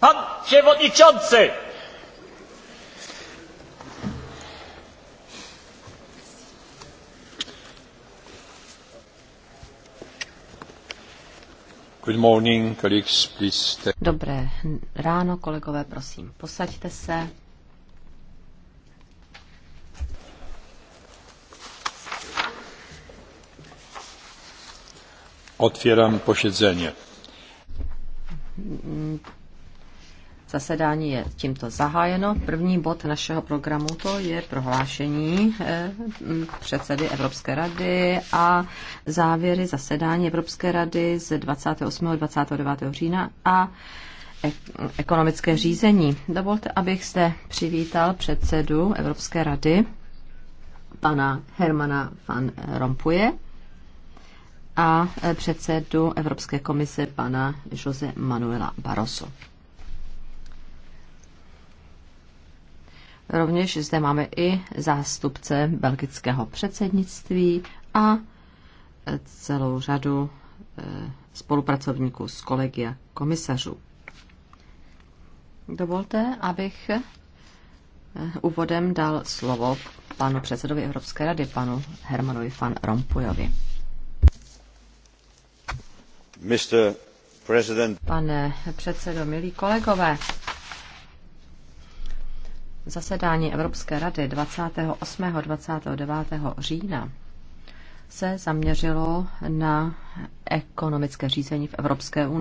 Pan przewodniczący! Good morning, colleagues, please. Dobré ráno, kolegové, prosím, posaďte se. Otvírám pošedzeně. Zasedání je tímto zahájeno. První bod našeho programu to je prohlášení eh, předsedy Evropské rady a závěry zasedání Evropské rady z 28. a 29. října a ekonomické řízení. Dovolte, abych zde přivítal předsedu Evropské rady, pana Hermana van Rompuje a e, předsedu Evropské komise pana Jose Manuela Barroso. Rovněž zde máme i zástupce belgického předsednictví a e, celou řadu e, spolupracovníků z kolegia komisařů. Dovolte, abych úvodem dal slovo panu předsedovi Evropské rady, panu Hermanovi van Rompuyovi. Pane předsedo, milí kolegové, zasedání Evropské rady 28. 29. října se zaměřilo na ekonomické řízení v Evropské unii.